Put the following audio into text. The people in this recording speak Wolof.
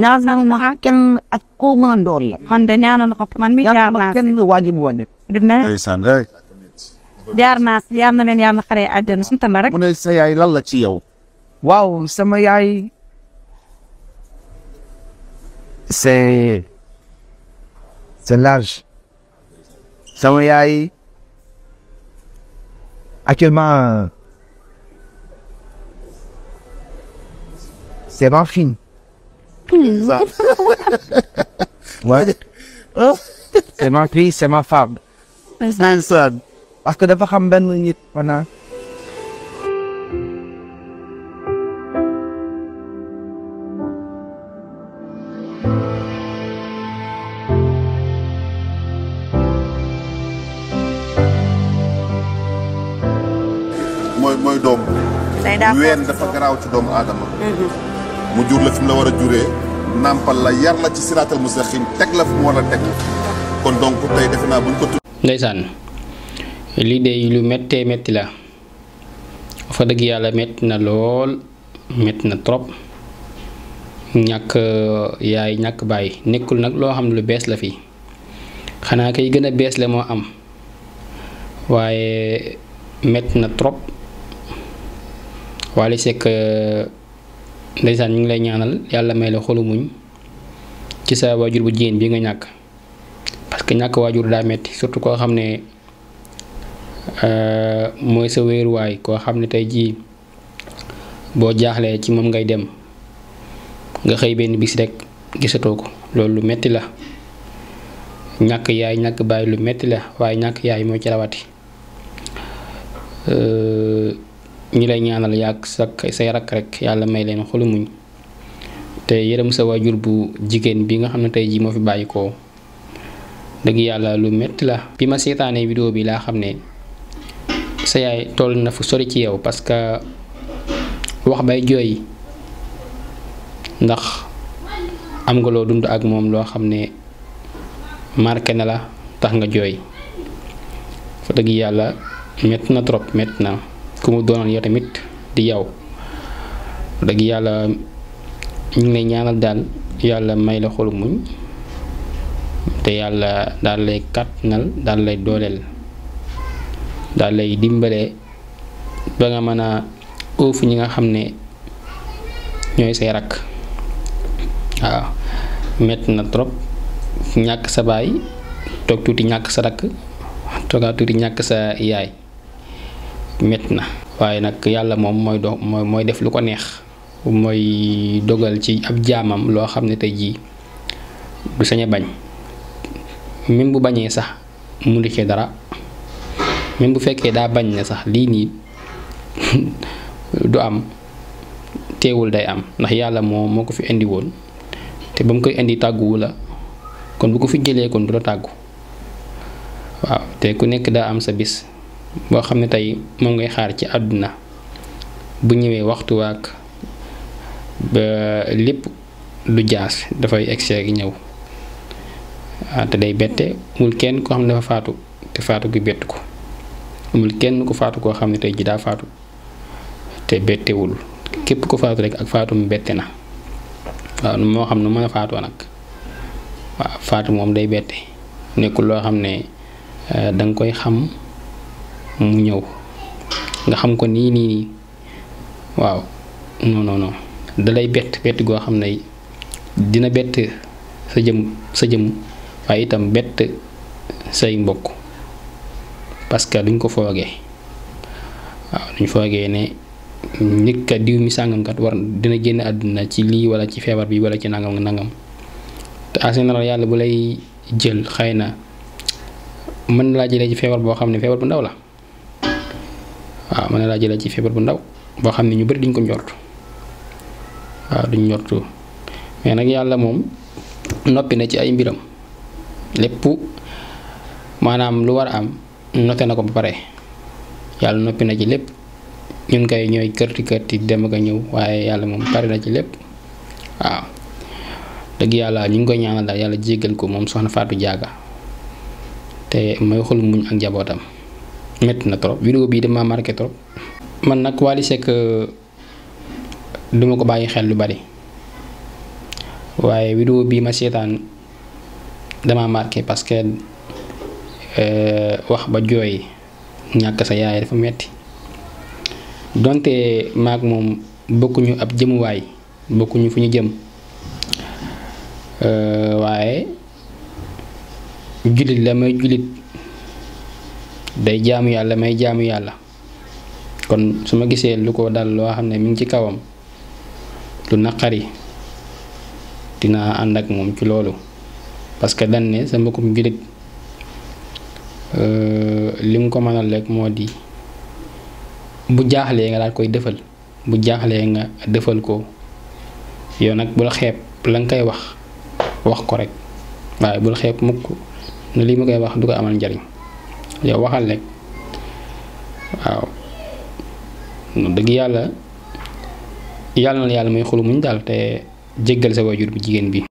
naa na ma kenn ak koo mën a door la. man de ñaanal ko man mi jaar naa kenn waajib woon jaar naa yal na leen yàlla xaree àjjana sant la rek. mu ne sa yaay lan la ci yow. waaw sama yaay. c'est c'est large. sama yaay actuellement c'est ma fille. Lisa. What? sama kii sama femme. ndeysaan. que dafa xam benn nit maanaam. mu jur la fi la war a juree nàmpal la yar la ci siraatal mustaqim teg la fi mu war a teg kon donc tey defe naa buñ ko tudd. ndeysaan lii de lu méttee metti la fa dëgg yàlla metti na lool metti na trop ñàkk yaay ñàkk bàyyi nekkul nag loo xam ne lu bees la fi xanaa kay gën bees la moo am waaye metti na trop. Wally Seck ndeysaan ñu ngi lay ñaanal yàlla may la xolu ci sa waajur bu jigéen bi nga ñàkk parce que ñàkk waajur daa metti surtout koo xam ne euh, mooy sa wéeruwaay koo xam ne tey jii boo jaaxlee ci moom ngay dem nga xëy benn bis rek gisatoo ko loolu lu metti la ñàkk yaay ñàkk bàyyi lu metti la waaye ñàkk yaay mooy ci rawati euh, ñu lay ñaanal yàq sa say rakk rek yàlla may leen xolu muñ te yërëm sa waajur bu jigéen bi nga xam ne tey jii moo fi bàyyi ko dëgg yàlla lu métti la. bi ma seetaanee vidéo bi laa xam ne sa yaay toll na fu sori ci yow parce que wax bay jooy ndax am nga loo dund ak moom loo xam ne marke na la tax nga jooy fa dëgg yàlla métti na trop métti na. ku mu doonoon yow tamit di yow dëgg yàlla ñu ngi lay ñaanal daal yàlla may la xolu muñ te yàlla daal lay kàttanal daal lay dooleel daal lay dimbale ba nga mën a oofu ñi nga xam ne ñooy say rakk waaw metti na trop ñàkk sa baay toog tuuti ñàkk sa rakk toogaa tuuti ñàkk sa yaay mett na waaye nag yàlla moom mooy do mooy def lu ko neex mooy dogal ci ab jaamam loo xam ne tey jii du sañe bañ même bu bañee sax mënu ci dara même bu fekkee daa bañ na sax lii nii du am teewul day am ndax yàlla moo moo ko fi indi woon te ba mu koy indi tàgguwu la kon bu ko fi jëlee kon du la tàggu waaw te ku nekk daa am sa bis boo xam ne tey moo ngay xaar ci àdduna bu ñëwee waxtu waak ba lépp du jaas dafay egsi ak ñëw ah, te day bette amul kenn koo xam ne dafa faatu te faatu gi bett ko amul kenn ku faatu koo xam ne tey ji daa faatu te bettewul képp ku faatu rekk ak faatu mu bette na waaw moo xam ne mën faatoo nag waaw faatu moom day bette nekkul loo xam ne eh, danga koy xam mu ñëw nga xam ko nii nii nii waaw non noonu non da bett bett goo xam ne dina bett sa jëm sa jëm waaye itam bett say mbokk parce que duñ ko foogee waaw duñ foogee ne nit ka diw mi sàngamkat kat war dina génn àdduna ci lii wala ci feebar bi wala ci nangam nangam te en général yàlla bu lay jël xëy na mën na laa jëlee ci feebar boo xam ne feebar bu ndaw la. waaw mën na laa jëlee ci feebar bu ndaw boo xam ne ñu bëri duñ ko njort waaw duñ njortu mais nag yàlla moom noppi na ci ay mbiram lépp maanaam lu war a am noté na ko ba pare yàlla noppi na ci lépp ñun kay ñooy kërti kërti dem ak ñëw waaye yàlla moom pare na ci lépp waaw dëgg yàlla ñu ngi koy ñaanal daal yàlla jéggal ko moom soxna Fatou Diaga te may xol muñ ak njabootam. métti na trop vidéo bii dama marqué trop. man nag Wally Seck euh, duma ko bàyyi xel lu bari waaye vidéo bii ma seetaan dama marqué parce que euh, wax ba jooy ñàkk sa yaay dafa metti donte maag moom bokkuñu ab jëmuwaay bokkuñu fu ñu jëm euh, waaye jullit la may jullit day jaamu yàlla may jaamu yàlla kon su ma gisee lu ko dal loo xam ne mi ngi ci kawam lu naqari dinaa ànd ak moom ci loolu parce que dañ sa mbokkum jullit euh, li nga ko mënal rek moo di bu jaaxlee nga daal koy defal bu jaaxlee nga defal ko yoon nag bul xeeb la nga koy wax wax ko rek waaye bul xeeb mukk ne lii ma koy wax du ko amal njariñ yow waxal rek waaw noonu dëgg yàlla yàlla na yàlla may xolu muñ daal te jéggal sa waajur bu jigéen bi